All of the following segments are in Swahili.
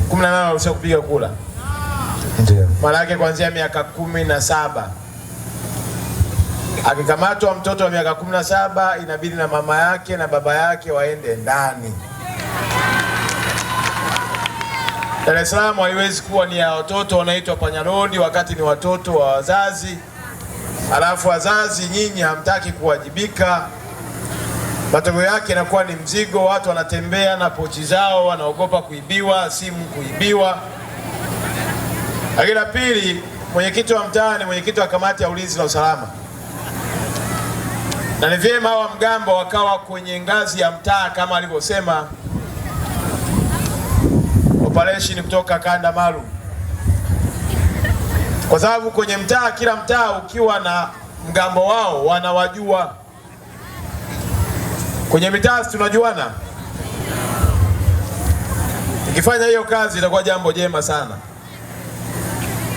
kumi na nane kupiga kura, maana yake kuanzia miaka kumi na saba akikamatwa mtoto wa miaka kumi na saba inabidi na mama yake na baba yake waende ndani. Dar es Salaam haiwezi kuwa ni ya watoto wanaitwa panyarodi wakati ni watoto wa wazazi, alafu wazazi nyinyi hamtaki kuwajibika. Matokeo yake inakuwa ni mzigo, watu wanatembea na pochi zao, wanaogopa kuibiwa, simu kuibiwa. Lakini la pili, mwenyekiti wa mtaa ni mwenyekiti wa kamati ya ulinzi na usalama, na ni vyema hawa mgambo wakawa kwenye ngazi ya mtaa kama alivyosema operation kutoka kanda maalum, kwa sababu kwenye mtaa, kila mtaa ukiwa na mgambo wao wanawajua Kwenye mitaa tunajuana, ikifanya hiyo kazi itakuwa jambo jema sana.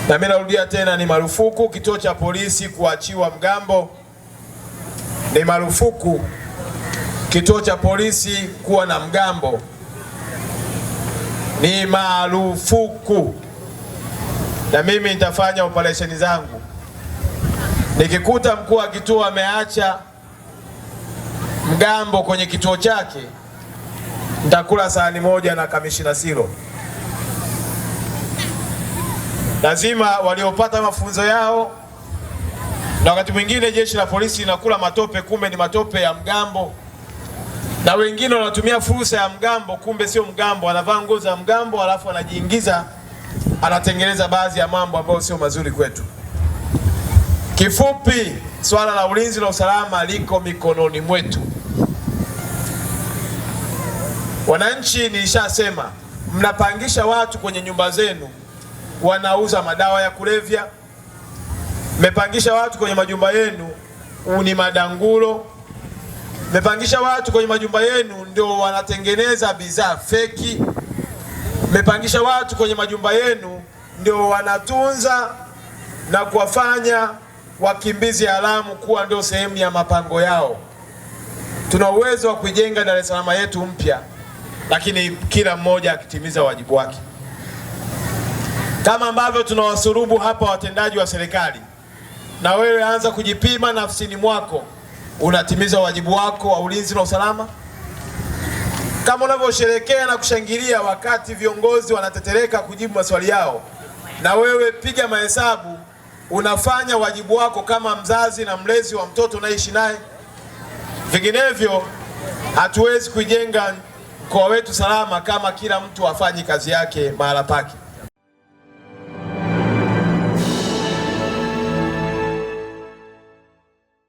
Na mimi narudia tena, ni marufuku kituo cha polisi kuachiwa mgambo, ni marufuku kituo cha polisi kuwa na mgambo, ni marufuku. Na mimi nitafanya operesheni zangu, nikikuta mkuu wa kituo ameacha mgambo kwenye kituo chake, nitakula sahani moja na kamishina Siro. Lazima waliopata mafunzo yao, na wakati mwingine jeshi la polisi linakula matope, kumbe ni matope ya mgambo, na wengine wanatumia fursa ya mgambo, kumbe sio mgambo, anavaa nguo za mgambo alafu anajiingiza, anatengeneza baadhi ya mambo ambayo sio mazuri kwetu. Kifupi, swala la ulinzi na usalama liko mikononi mwetu. Wananchi, nilishasema mnapangisha watu kwenye nyumba zenu, wanauza madawa ya kulevya, mmepangisha watu kwenye majumba yenu ni madangulo, mmepangisha watu kwenye majumba yenu ndio wanatengeneza bidhaa feki, mmepangisha watu kwenye majumba yenu ndio wanatunza na kuwafanya wakimbizi haramu kuwa ndio sehemu ya mapango yao. Tuna uwezo wa kuijenga Dar es Salaam yetu mpya lakini kila mmoja akitimiza wajibu wake, kama ambavyo tunawasurubu hapa watendaji wa serikali. Na wewe anza kujipima nafsini mwako, unatimiza wajibu wako wa ulinzi na usalama kama unavyosherekea na kushangilia wakati viongozi wanatetereka kujibu maswali yao. Na wewe piga mahesabu, unafanya wajibu wako kama mzazi na mlezi wa mtoto unaishi naye, vinginevyo hatuwezi kuijenga mkoa wetu salama kama kila mtu afanye kazi yake mahala pake.